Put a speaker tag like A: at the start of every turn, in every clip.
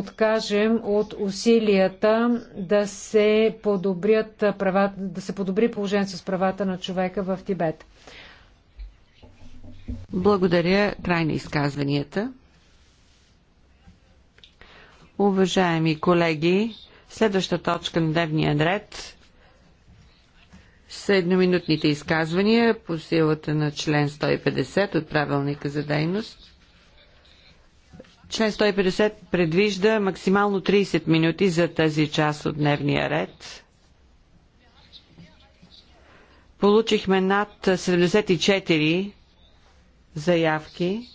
A: откажем от усилията да се, подобрят да се подобри положението с правата на човека в Тибет.
B: Благодаря. Край на изказванията. Уважаеми колеги, следваща точка на дневния ред са едноминутните изказвания по силата на член 150 от правилника за дейност. Член 150 предвижда максимално 30 минути за тази част от дневния ред. Получихме над 74 заявки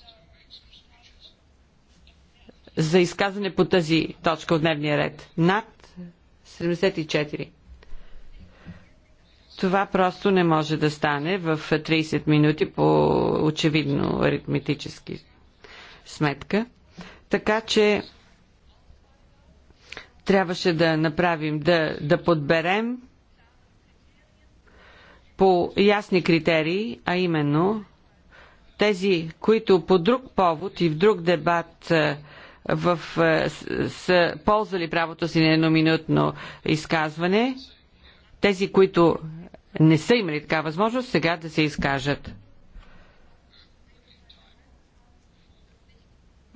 B: за изказване по тази точка от дневния ред. Над 74. Това просто не може да стане в 30 минути по очевидно аритметически сметка. Така че трябваше да направим, да, да подберем по ясни критерии, а именно тези, които по друг повод и в друг дебат е, в, е, са ползвали правото си на едноминутно изказване, тези, които не са имали така възможност, сега да се изкажат.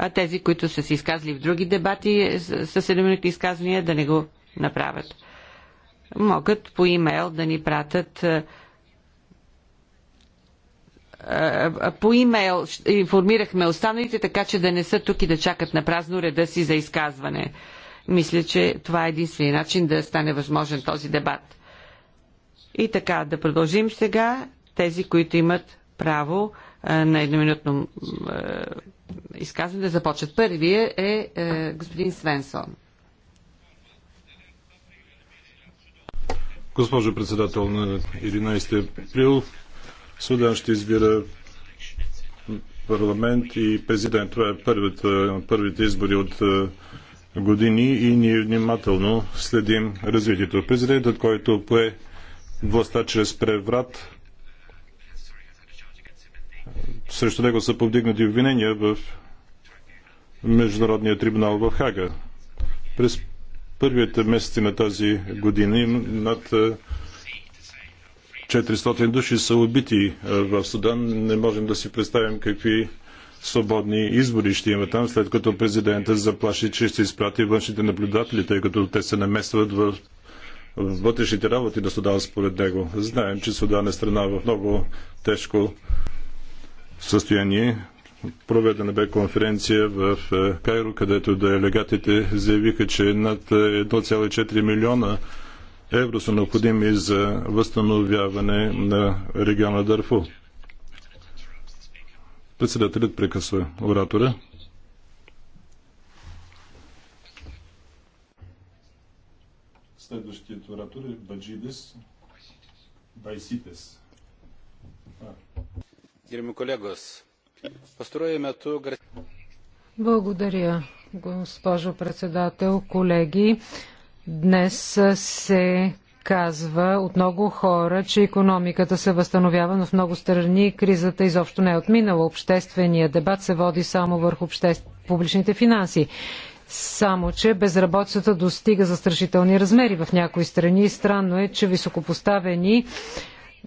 B: а тези, които са се изказали в други дебати с 7 изказвания, да не го направят. Могат по имейл да ни пратят по имейл информирахме останалите, така че да не са тук и да чакат на празно реда си за изказване. Мисля, че това е единствения начин да стане възможен този дебат. И така, да продължим сега тези, които имат право на едноминутно изказване да започват. Първият е, е господин Свенсон.
C: Госпожо председател на 11 април, Судан ще избира парламент и президент. Това е първата, първите избори от е, години и ние внимателно следим развитието. Президентът, който пое властта чрез преврат, срещу него са повдигнати обвинения в Международния трибунал в Хага. През първите месеци на тази година над 400 души са убити в Судан. Не можем да си представим какви свободни избори ще има там, след като президентът заплаши, че ще изпрати външните наблюдатели, тъй като те се наместват в вътрешните работи на Судан според него. Знаем, че Судан е страна в много тежко състояние. Проведена бе конференция в е, Кайро, където делегатите заявиха, че над 1,4 милиона евро са необходими за възстановяване на региона Дърфу. Председателят прекъсва оратора. Следващият оратор е Баджидес Байситес. А.
A: Благодаря, госпожо председател, колеги. Днес се казва от много хора, че економиката се възстановява, но в много страни кризата изобщо не е отминала. Общественият дебат се води само върху публичните финанси. Само, че безработицата достига застрашителни размери в някои страни. Странно е, че високопоставени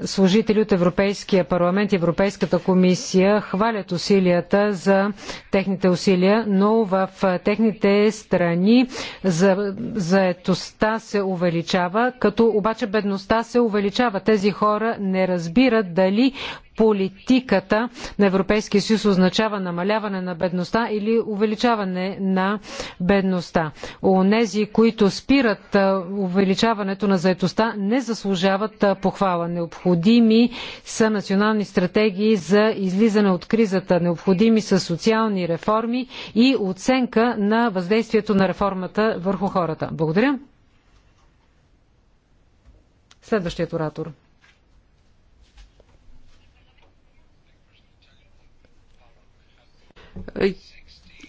A: служители от Европейския парламент и Европейската комисия хвалят усилията за техните усилия, но в техните страни заетостта се увеличава, като обаче бедността се увеличава. Тези хора не разбират дали политиката на Европейския съюз означава намаляване на бедността или увеличаване на бедността. Онези, които спират увеличаването на заетостта, не заслужават похвала. Необходими са национални стратегии за излизане от кризата. Необходими са социални реформи и оценка на въздействието на реформата върху хората. Благодаря. Следващият оратор.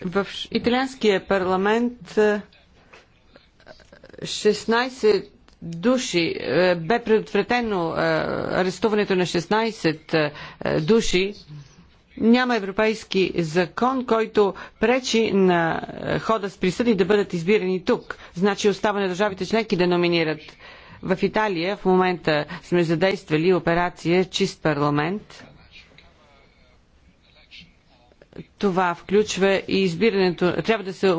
A: В
B: италианския парламент 16 е, души е, бе предотвратено е, арестуването на 16 души. Няма европейски закон, който пречи на хода с присъди да бъдат избирани тук. Значи остава на държавите членки да номинират. В Италия в момента сме задействали операция Чист парламент това включва и избирането. Трябва да се, е,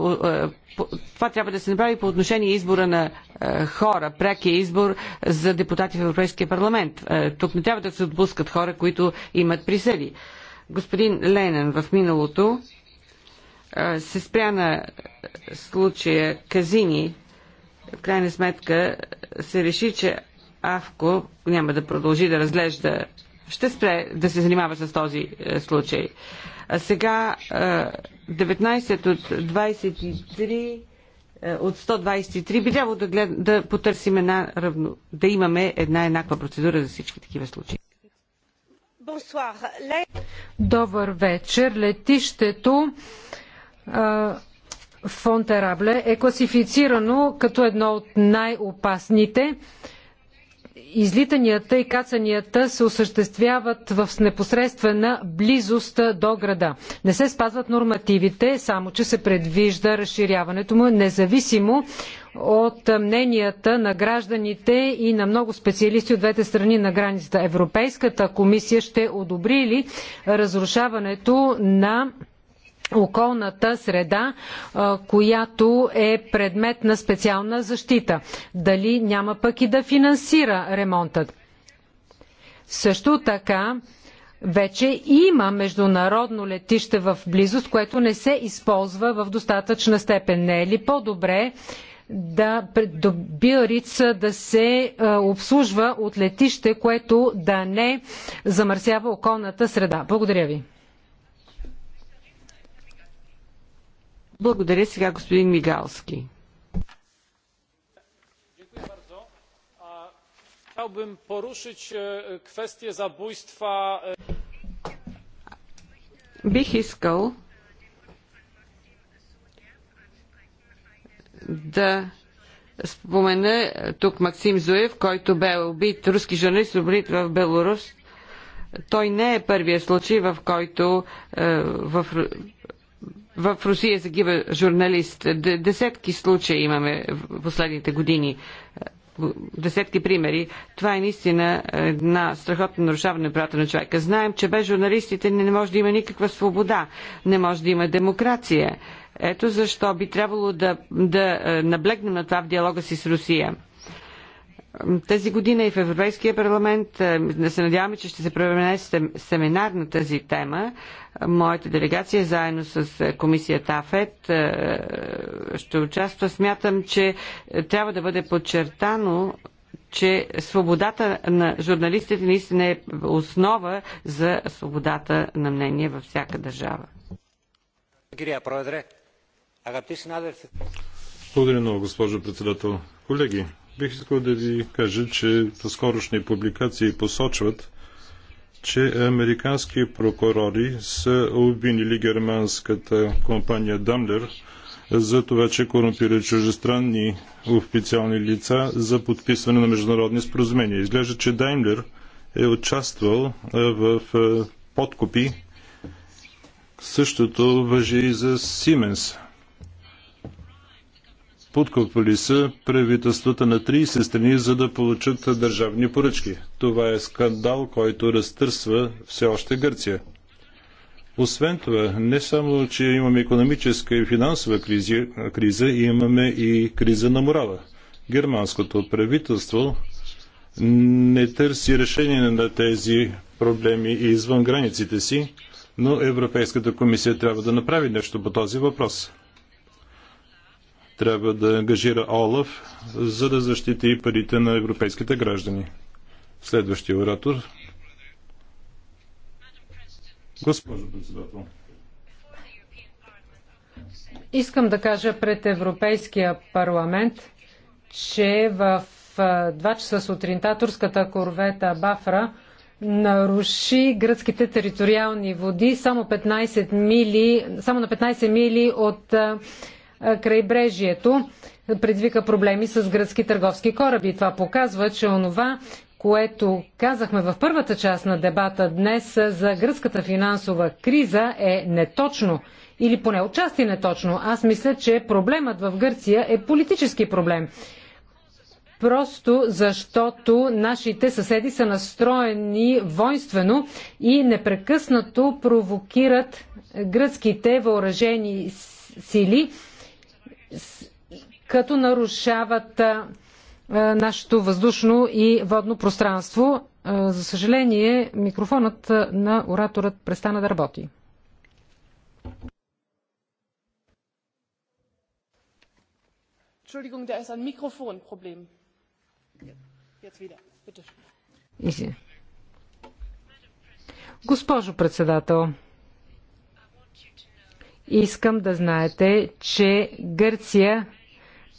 B: това трябва да се направи по отношение избора на е, хора, прякия е избор за депутати в Европейския парламент. Тук не трябва да се отпускат хора, които имат присъди. Господин Ленен в миналото се спря на случая Казини. В крайна сметка се реши, че Авко няма да продължи да разглежда ще спре да се занимава с този е, случай. А сега 19 е, от 23 е, от 123 би трябвало да, глед, да потърсим една равно, да имаме една еднаква процедура за всички такива случаи.
A: Добър вечер. Летището Фонтерабле е класифицирано като едно от най-опасните излитанията и кацанията се осъществяват в непосредствена близост до града. Не се спазват нормативите, само че се предвижда разширяването му, независимо от мненията на гражданите и на много специалисти от двете страни на границата. Европейската комисия ще одобри ли разрушаването на околната среда, която е предмет на специална защита. Дали няма пък и да финансира ремонтът? Също така, вече има международно летище в близост, което не се използва в достатъчна степен. Не е ли по-добре да Биориц да се обслужва от летище, което да не замърсява околната среда? Благодаря ви.
B: Благодаря сега господин Мигалски.
C: Chciałbym poruszyć e, kwestię zabójstwa. E,
B: Бих искал да спомена тук Максим Зуев, който бе убит, руски журналист, убит в Беларус. Той не е първия случай, в който е, в в Русия загива журналист. Десетки случаи имаме в последните години. Десетки примери. Това е наистина една страхотно нарушаване на правата на човека. Знаем, че без журналистите не може да има никаква свобода, не може да има демокрация. Ето защо би трябвало да, да е, наблегнем на това в диалога си с Русия. Тази година и в Европейския парламент да се надяваме, че ще се проведе семинар на тази тема. Моята делегация заедно с комисията АФЕТ ще участва. Смятам, че е, трябва да бъде подчертано че свободата на журналистите наистина е основа за свободата на мнение във всяка държава.
C: Благодаря много, госпожо председател. Колеги, Бих искал да ви кажа, че скорошни публикации посочват, че американски прокурори са обвинили германската компания Дамлер за това, че корумпира чужестранни официални лица за подписване на международни споразумения. Изглежда, че Даймлер е участвал в подкупи. Същото въжи и за Сименс подкупили са правителствата на 30 страни, за да получат държавни поръчки. Това е скандал, който разтърсва все още Гърция. Освен това, не само, че имаме економическа и финансова криза, криза имаме и криза на морала. Германското правителство не търси решение на тези проблеми извън границите си, но Европейската комисия трябва да направи нещо по този въпрос трябва да ангажира Олаф, за да защити парите на европейските граждани. Следващия оратор. Госпожо председател.
A: Искам да кажа пред Европейския парламент, че в 2 часа сутринта турската корвета Бафра наруши гръцките териториални води само, 15 мили, само на 15 мили от крайбрежието предизвика проблеми с гръцки търговски кораби. Това показва, че онова, което казахме в първата част на дебата днес за гръцката финансова криза е неточно или поне отчасти неточно. Аз мисля, че проблемът в Гърция е политически проблем. Просто защото нашите съседи са настроени воинствено и непрекъснато провокират гръцките въоръжени сили като нарушават нашето въздушно и водно пространство. За съжаление, микрофонът на ораторът престана да работи.
B: Entschuldigung, da ist ein Mikrofonproblem. Jetzt wieder,
A: bitte. Госпожо председател, Искам да знаете, че Гърция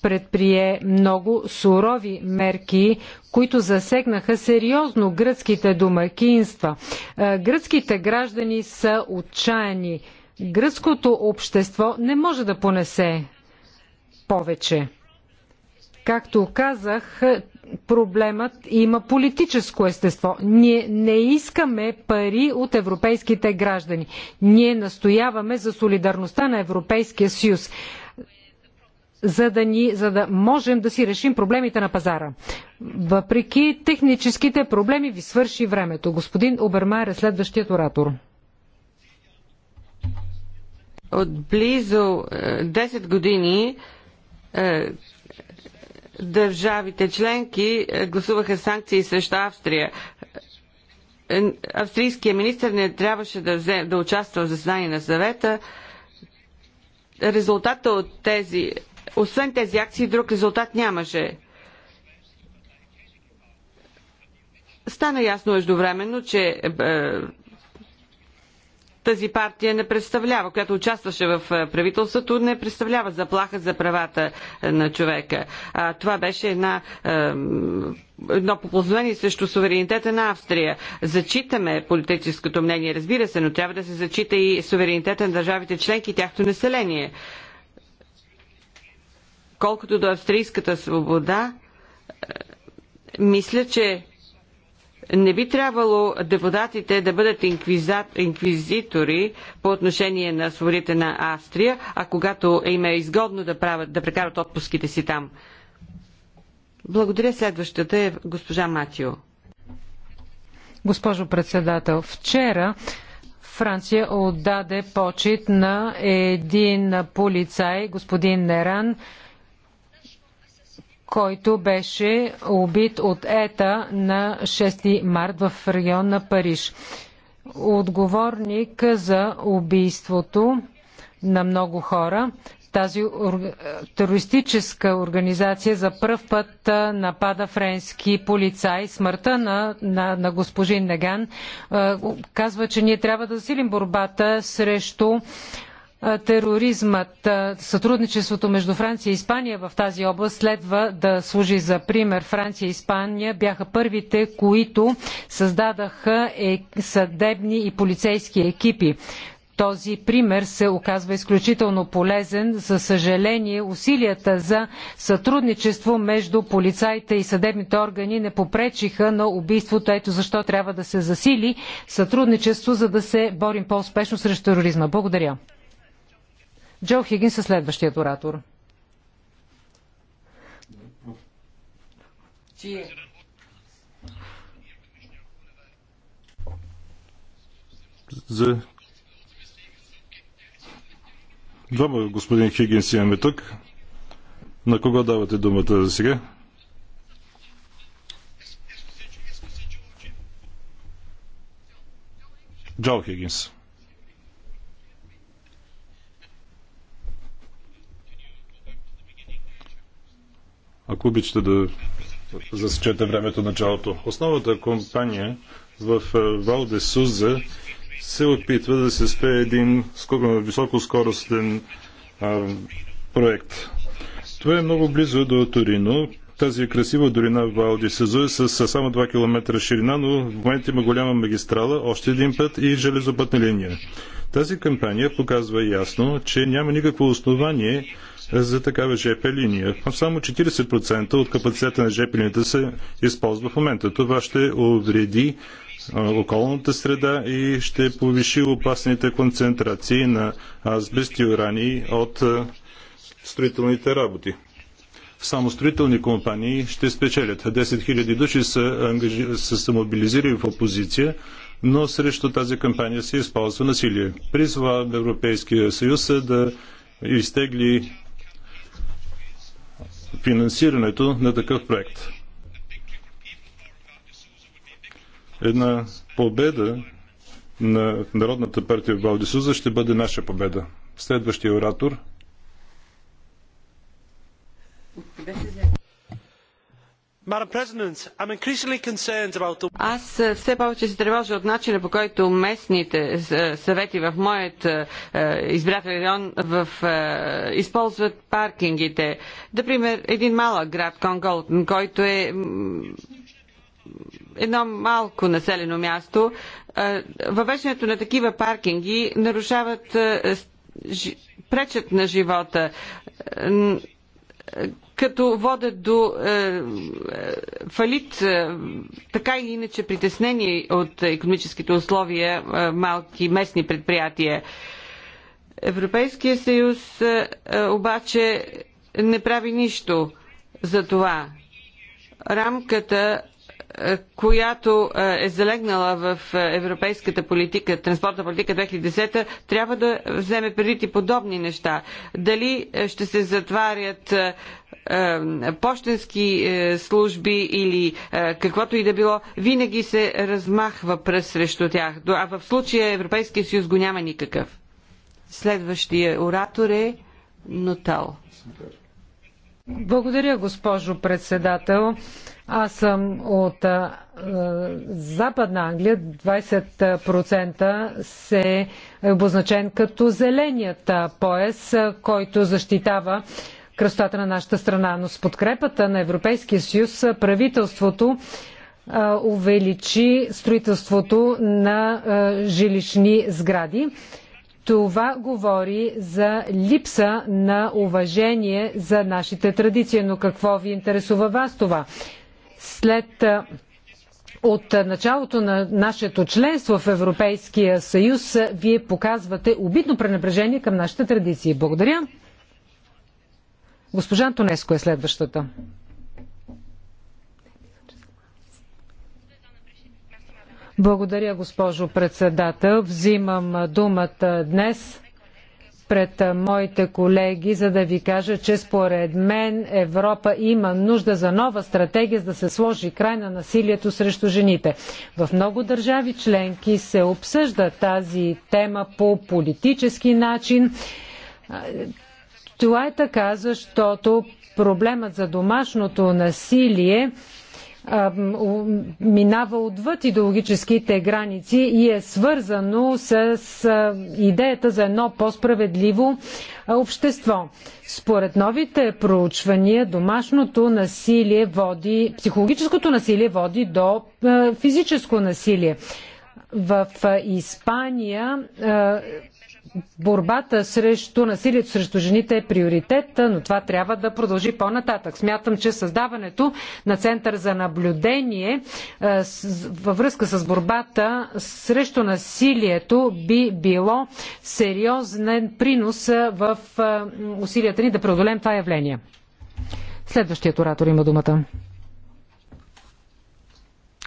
A: предприе много сурови мерки, които засегнаха сериозно гръцките домакинства. Е, гръцките граждани са отчаяни. Гръцкото общество не може да понесе повече. Както казах, проблемът има политическо естество. Ние не искаме пари от европейските граждани. Ние настояваме за солидарността на Европейския съюз, за да, ни, за да можем да си решим проблемите на пазара. Въпреки техническите проблеми ви свърши времето. Господин Обермайер е следващият оратор.
B: От близо 10 е, години е, държавите членки е, гласуваха санкции срещу Австрия. Е, австрийският министр не трябваше да, взе, да участва в заседание на съвета. Резултата от тези, освен тези акции, друг резултат нямаше. Стана ясно междувременно, че е, тази партия не представлява, която участваше в е, правителството, не представлява заплаха за правата е, на човека. А, това беше една е, едно попълзновение срещу суверенитета на Австрия. Зачитаме политическото мнение, разбира се, но трябва да се зачита и суверенитета на държавите членки и тяхто население. Колкото до австрийската свобода, мисля, че не би трябвало депутатите да бъдат инквизитори по отношение на свободите на Австрия, а когато им е изгодно да, правят, да прекарат отпуските си там. Благодаря. Следващата е госпожа Матио.
A: Госпожо председател, вчера Франция отдаде почет на един полицай, господин Неран, който беше убит от ета на 6 март в район на Париж. Отговорник за убийството на много хора. Тази терористическа организация за първ път напада френски полицай. Смъртта на, на, на госпожин Неган казва, че ние трябва да засилим борбата срещу тероризмът, сътрудничеството между Франция и Испания в тази област следва да служи за пример. Франция и Испания бяха първите, които създадаха е, съдебни и полицейски екипи. Този пример се оказва изключително полезен. За съжаление, усилията за сътрудничество между полицаите и съдебните органи не попречиха на убийството. Ето защо трябва да се засили сътрудничество, за да се борим по-успешно срещу тероризма. Благодаря. Джо Хигин със е следващият оратор.
C: За Двама господин Хигинс имаме тук. На кого давате думата за сега? Джо Хигинс. Ако обичате да засечете времето началото. Основната компания в Валде Суза се опитва да се спе един високоскоростен проект. Това е много близо до Торино. Тази красива долина в Валди Сезу е с, с само 2 км ширина, но в момента има голяма магистрала, още един път и железопътна линия. Тази кампания показва ясно, че няма никакво основание за такава ЖП линия. Само 40% от капацитета на ЖП линията се използва в момента. Това ще увреди околната среда и ще повиши опасните концентрации на азбест и урани от строителните работи. Само строителни компании ще спечелят. 10 000 души са, ангажи... са се мобилизирали в опозиция, но срещу тази кампания се използва насилие. Призва Европейския съюз да изтегли финансирането на такъв проект. Една победа на Народната партия в Балдисуза ще бъде наша победа. Следващия оратор –
B: Аз е, все повече се тревожа от начина по който местните е, е, съвети в моят избирателен район в, използват паркингите. Например, един малък град, Конгол, който е едно малко населено място. Въвеждането на такива паркинги нарушават пречат на живота като водят до е, е, фалит, е, така или иначе притеснени от економическите условия е, малки местни предприятия. Европейския съюз е, е обаче не прави нищо за това. Рамката е, която е, е залегнала в е, европейската политика, транспортна политика 2010, трябва да вземе предвид и подобни неща. Дали ще се затварят почтенски служби или каквото и да било, винаги се размахва пръст срещу тях. А в случая Европейския съюз го няма никакъв.
A: Следващия оратор е Нотал. Супер. Благодаря, госпожо председател. Аз съм от а, Западна Англия. 20% се е обозначен като зеленият пояс, който защитава кръстата на нашата страна. Но с подкрепата на Европейския съюз правителството а, увеличи строителството на а, жилищни сгради. Това говори за липса на уважение за нашите традиции. Но какво ви интересува вас това? След от началото на нашето членство в Европейския съюз, вие показвате обидно пренебрежение към нашите традиции. Благодаря. Госпожа Антонеско е следващата. Благодаря, госпожо председател. Взимам думата днес пред моите колеги, за да ви кажа, че според мен Европа има нужда за нова стратегия, за да се сложи край на насилието срещу жените. В много държави членки се обсъжда тази тема по политически начин. Това е така, защото проблемът за домашното насилие минава отвъд идеологическите граници и е свързано с идеята за едно по-справедливо общество. Според новите проучвания, домашното насилие води, психологическото насилие води до физическо насилие. В Испания борбата срещу насилието срещу жените е приоритет, но това трябва да продължи по-нататък. Смятам, че създаването на Център за наблюдение е, във връзка с борбата срещу насилието би било сериозен принос е, в е, усилията ни да преодолеем това явление. Следващият оратор има думата.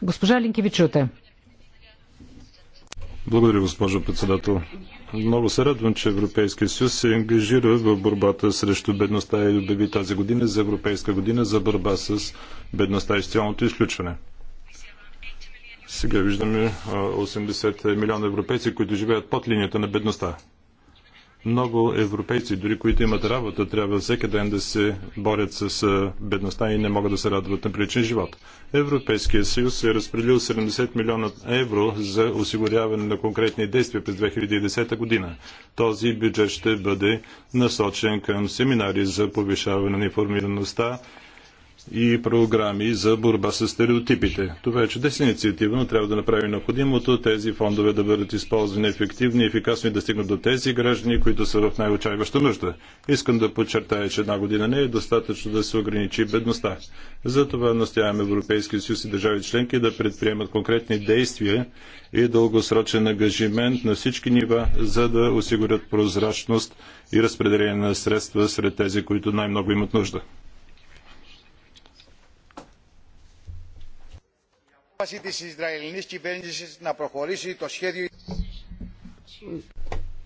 A: Госпожа Линкевичуте.
C: Благодаря, госпожо председател. Много се радвам, че Европейския съюз се ангажира в борбата срещу бедността и обяви тази година за Европейска година за борба с бедността и социалното изключване. Сега виждаме 80 милиона европейци, които живеят под линията на бедността. Много европейци, дори които имат работа, трябва всеки ден да се борят с бедността и не могат да се радват на приличен живот. Европейския съюз е разпределил 70 милиона евро за осигуряване на конкретни действия през 2010 година. Този бюджет ще бъде насочен към семинари за повишаване на информираността и програми за борба с стереотипите. Това е чудесна инициатива, но трябва да направи необходимото тези фондове да бъдат използвани ефективно и ефикасно и да стигнат до тези граждани, които са в най очайваща нужда. Искам да подчертая, че една година не е достатъчно да се ограничи бедността. Затова настояваме Европейския съюз и държави членки да предприемат конкретни действия и дългосрочен ангажимент на всички нива, за да осигурят прозрачност и разпределение на средства сред тези, които най-много имат нужда. απόφαση της Ισραηλινής κυβέρνησης να προχωρήσει το σχέδιο...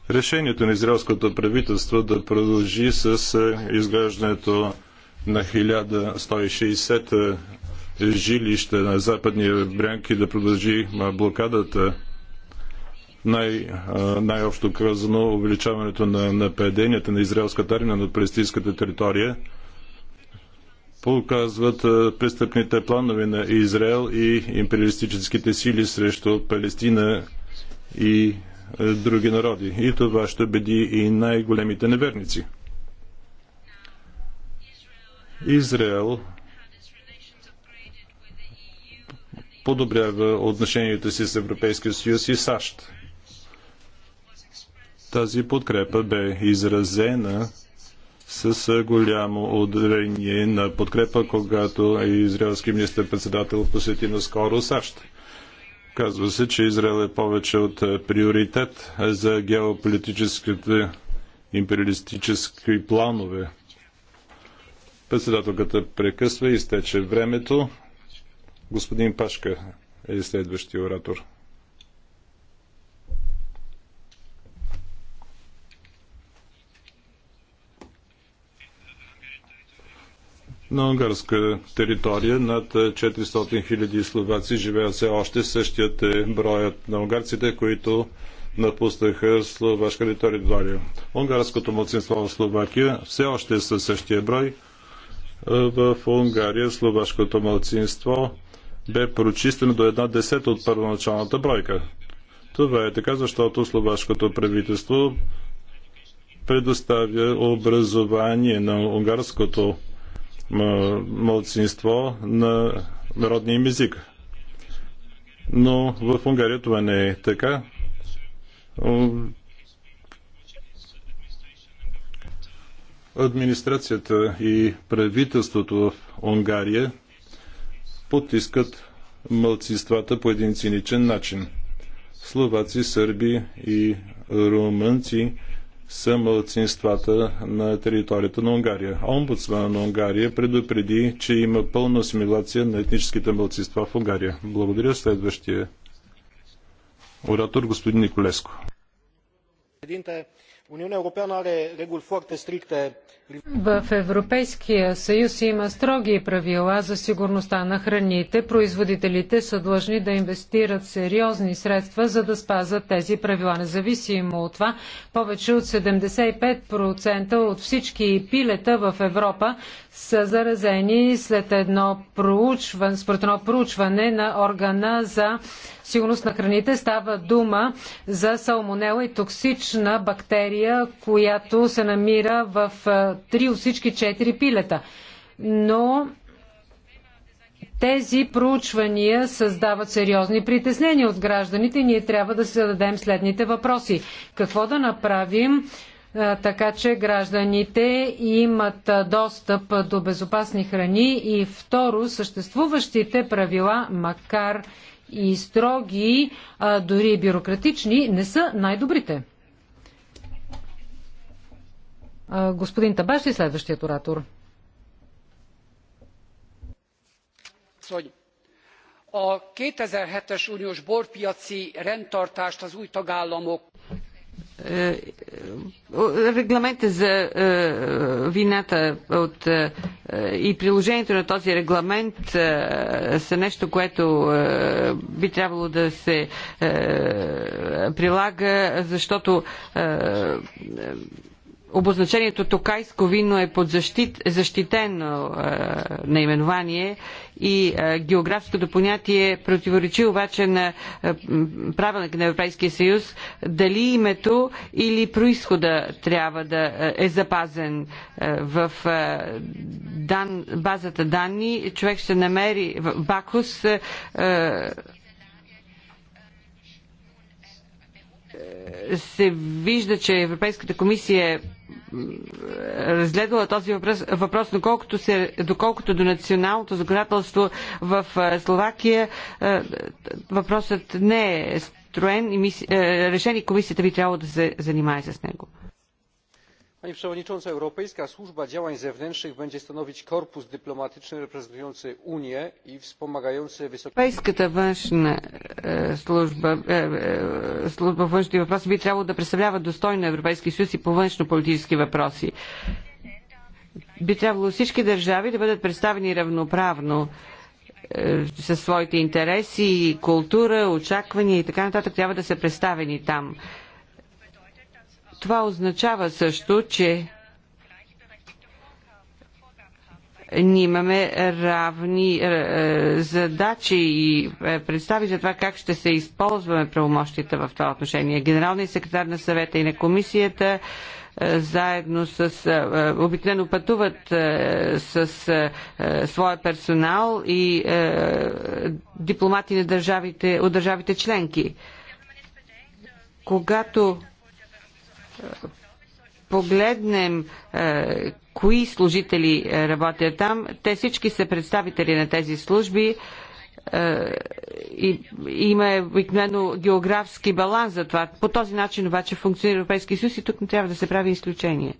C: Решението на израелското правителство да продължи с е, изграждането на 1160 е, жилища на западния бряг и да продължи е, блокадата най, най-общо казано увеличаването на нападенията на израелската армия на палестинската територия показват престъпните планове на Израел и империалистическите сили срещу Палестина и други народи. И това ще беди и най-големите неверници. Израел подобрява отношенията си с Европейския съюз и САЩ. Тази подкрепа бе изразена с голямо ударение на подкрепа, когато израелски министр-председател посети наскоро САЩ. Казва се, че Израел е повече от приоритет за геополитическите империалистически планове. Председателката прекъсва и изтече времето. Господин Пашка е следващия оратор. на унгарска територия над 400 е, 000 словаци живеят все още. Същият е броят на унгарците, които напуснаха словашка територия. Унгарското младсинство в Словакия все още е със същия брой. Е, в Унгария словашкото младсинство бе прочистено до една десета от първоначалната бройка. Това е така, защото словашкото правителство предоставя образование на унгарското младсинство на народния им език. Но в Унгария това не е така. Администрацията и правителството в Унгария потискат мълцинствата по един циничен начин. Словаци, сърби и румънци са младсинствата на територията на Унгария. Омбудсмана на Унгария предупреди, че има пълна асимилация на етническите младсинства в Унгария. Благодаря следващия оратор, господин Николеско. Uniunea Europeană are reguli foarte stricte
A: в Европейския съюз има строги правила за сигурността на храните. Производителите са длъжни да инвестират сериозни средства, за да спазат тези правила. Независимо от това, повече от 75% от всички пилета в Европа са заразени след едно проучване, според едно проучване на органа за сигурност на храните. Става дума за салмонела и токсична бактерия, която се намира в е, три от всички четири пилета. Но тези проучвания създават сериозни притеснения от гражданите и ние трябва да се зададем следните въпроси. Какво да направим така, че гражданите имат достъп до безопасни храни и второ, съществуващите правила, макар и строги, дори и бюрократични, не са най-добрите. Господин Табаш и следващият оратор. a es uniós borpiaci rendtartást az új tagállamok е, е,
B: регламента за е, вината от, и приложението на този регламент са нещо, което би трябвало да се прилага, защото обозначението Токайско вино е под защит, защитено е, наименование и е, географското понятие противоречи обаче на е, правилник на Европейския съюз дали името или происхода трябва да е, е запазен е, в е, дан, базата данни. Човек ще намери в Бакус е, е, се вижда, че Европейската комисия е разгледала този въпрос, въпрос доколкото, се, доколкото до националното законодателство в е, Словакия е, въпросът не е строен и мис... Е, решен и комисията би трябвало да се занимае с него
C: pani przewodnicząca! europejska służba działań zewnętrznych będzie stanowić korpus dyplomatyczny reprezentujący unię i wspomagający wysokie
B: би трябвало всички държави да бъдат представени равноправно със своите интереси, култура, очаквания и така нататък трябва да са представени там. Това означава също, че ние имаме равни е, е, задачи и е, представи за това как ще се използваме правомощите в това отношение. Генералният секретар на съвета и на комисията заедно с... Обикновено пътуват с своя персонал и дипломати на държавите, от държавите членки. Когато погледнем е, кои служители работят там, те всички са представители на тези служби е, и, има обикновено географски баланс за това. По този начин обаче функционира Европейския съюз и тук не трябва да се прави изключение.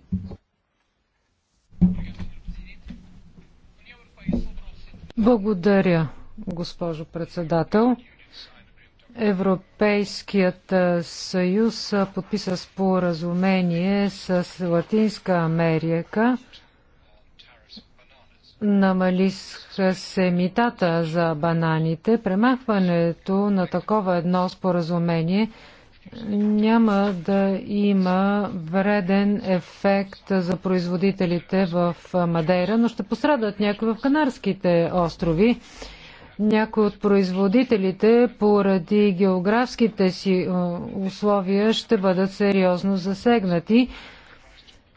A: Благодаря, госпожо председател. Европейският съюз подписа споразумение с Латинска Америка. Намалиха се митата за бананите. Премахването на такова едно споразумение няма да има вреден ефект за производителите в Мадейра, но ще пострадат някои в Канарските острови някои от производителите поради географските си е, условия ще бъдат сериозно засегнати.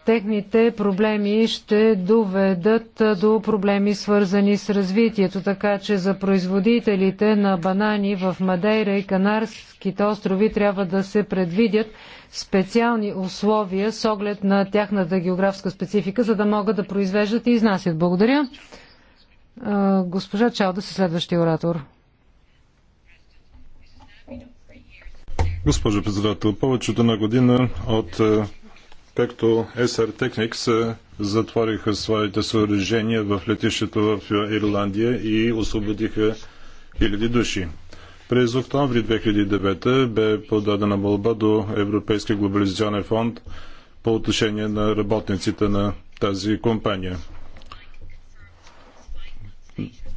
A: Техните проблеми ще доведат е, до проблеми свързани с развитието, така че за производителите на банани в Мадейра и Канарските острови трябва да се предвидят специални условия с оглед на тяхната географска специфика, за да могат да произвеждат и изнасят. Благодаря. Госпожа Чалда се следващия оратор.
C: Госпожо председател, повече от една година от е, както SR Technics е, затвориха своите съоръжения в летището в Ирландия и освободиха хиляди души. През октомври 2009 бе подадена молба до Европейския глобализационен фонд по отношение на работниците на тази компания.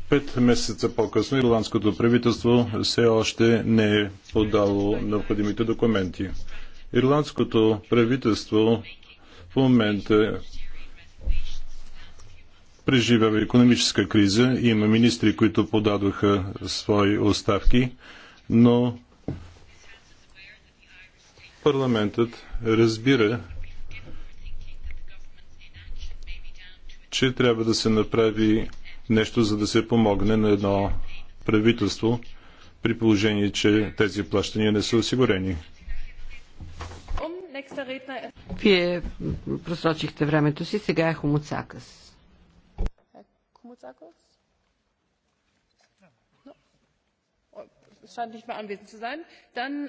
C: Пет месеца по-късно ирландското правителство все още не е подало необходимите документи. Ирландското правителство в момента преживява економическа криза. Има министри, които подадоха свои оставки, но парламентът разбира, че трябва да се направи нещо, за да се помогне на едно правителство, при положение, че тези плащания не са осигурени.
B: Вие просрочихте времето си, сега е Хомоцакъс.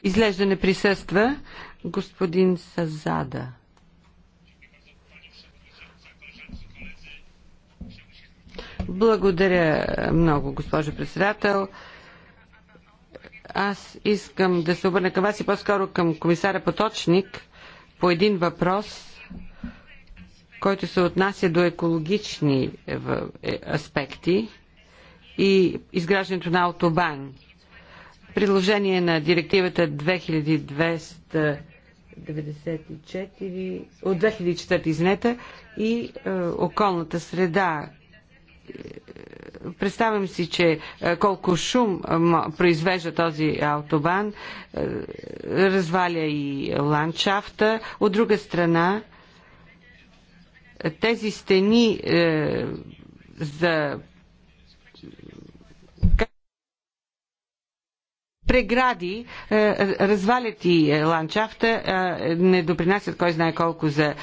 B: Излежда не присъства господин Сазада. Благодаря много, госпожо председател. Аз искам да се обърна към вас и по-скоро към комисара Поточник по един въпрос, който се отнася до екологични е, е, аспекти и изграждането на автобан. Приложение на директивата 2294 от 2004 изнета и е, околната среда, представям си, че е, колко шум е, произвежда този автобан, е, разваля и ландшафта. От друга страна, тези стени за прегради, развалят и ландшафта, не допринасят кой знае колко за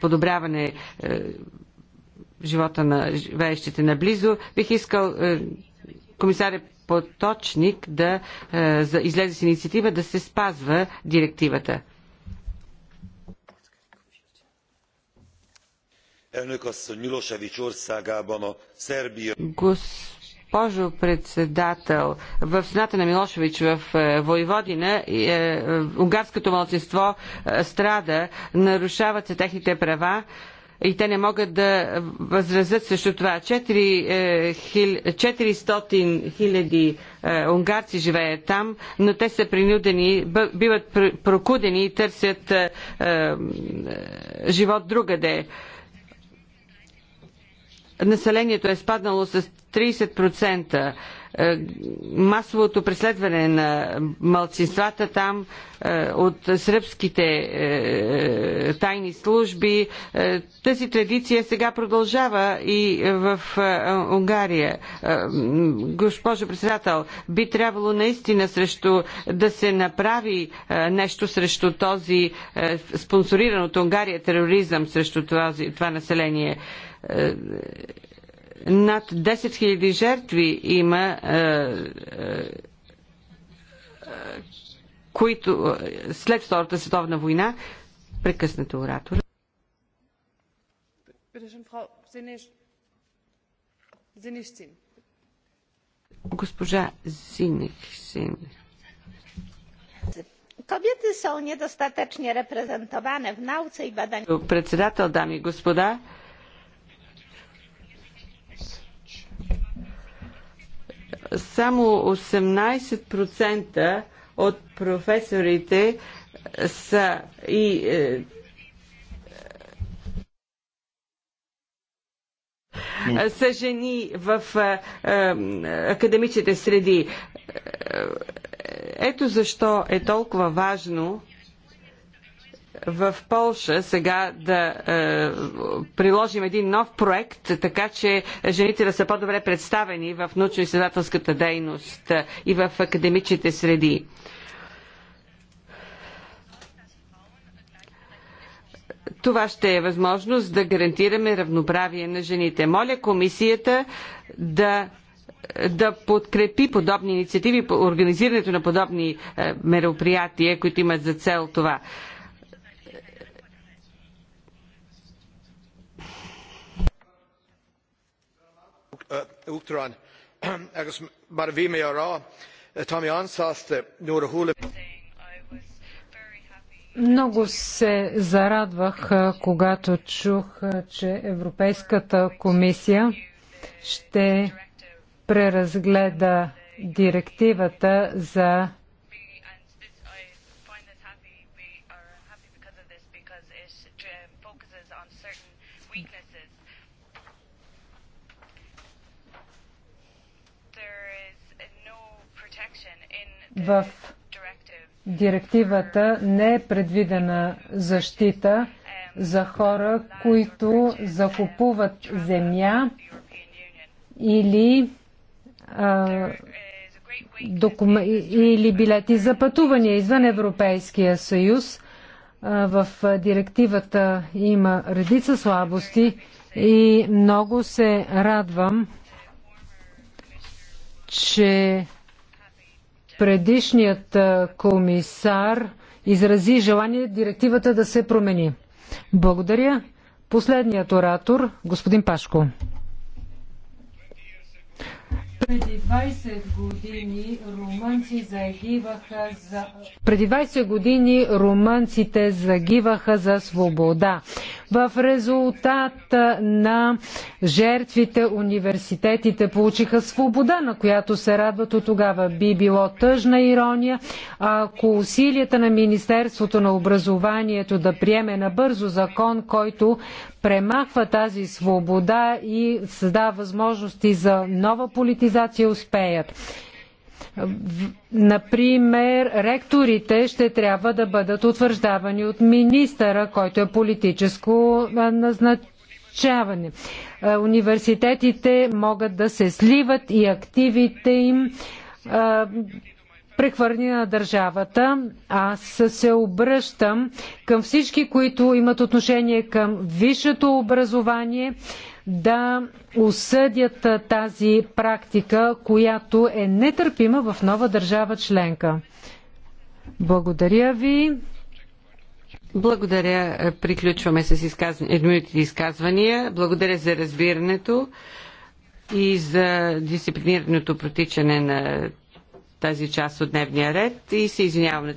B: подобряване живота на живеещите наблизо. Бих искал е, комисаря Поточник да е, за, излезе с инициатива да се спазва директивата. Госпожо председател, в страната на Милошевич в е, Войводина е, е, унгарското младсинство страда, нарушават се техните права и те не могат да възразят срещу това. 400 е, хиляди е, унгарци живеят там, но те са принудени, биват прокудени и търсят е, живот другаде. Населението е спаднало с 30%. Е, масовото преследване на малцинствата там е, от сръбските е, тайни служби. Тази традиция сега продължава и в Унгария. Госпожо председател, би трябвало наистина срещу да се направи нещо срещу този спонсориран от Унгария тероризъм срещу това, това население над 10 000 жертви има е, е, които е, след Втората световна война прекъснато оратора. Госпожа Зинихсин.
A: Kobiety са недостатъчно репрезентовани в nauce и бъдане.
B: Председател, дами и господа, Само 18% от професорите са и е, са жени в е, е академичните среди. Е, ето защо е толкова важно в Полша сега да е, приложим един нов проект, така че жените да са по-добре представени в научно-изследователската дейност е, и в академичните среди. Това ще е възможност да гарантираме равноправие на жените. Моля комисията да е, да подкрепи подобни инициативи, организирането на подобни е, мероприятия, които имат за цел това.
C: uachtarán agus mar a bhí eh, mé ará tá mé ansáasta eh, nuair a thuúla
A: Много се зарадвах, eh, когато чух, че Европейската комисия ще преразгледа директивата за В директивата не е предвидена защита um, за хора, които um, закупуват земя или, а, докум... или билети за пътувания извън Европейския съюз. в директивата има редица слабости и много се радвам, че предишният комисар изрази желание директивата да се промени. Благодаря. Последният оратор, господин Пашко. Преди 20 години румънци загиваха за... Преди 20 години румънците загиваха за свобода. В резултат на жертвите университетите получиха свобода, на която се радват от тогава. Би било тъжна ирония, ако усилията на Министерството на образованието да приеме набързо закон, който премахва тази свобода и създава възможности за нова политизация, успеят. Например, ректорите ще трябва да бъдат утвърждавани от министъра, който е политическо назначаване. Университетите могат да се сливат и активите им прехвърли на държавата. Аз се обръщам към всички, които имат отношение към висшето образование, да осъдят тази практика, която е нетърпима в нова държава членка. Благодаря ви. Благодаря.
B: Приключваме с изказв... едноминутите изказвания. Благодаря за разбирането и за дисциплинираното протичане на тази част от дневния ред и се извинявам на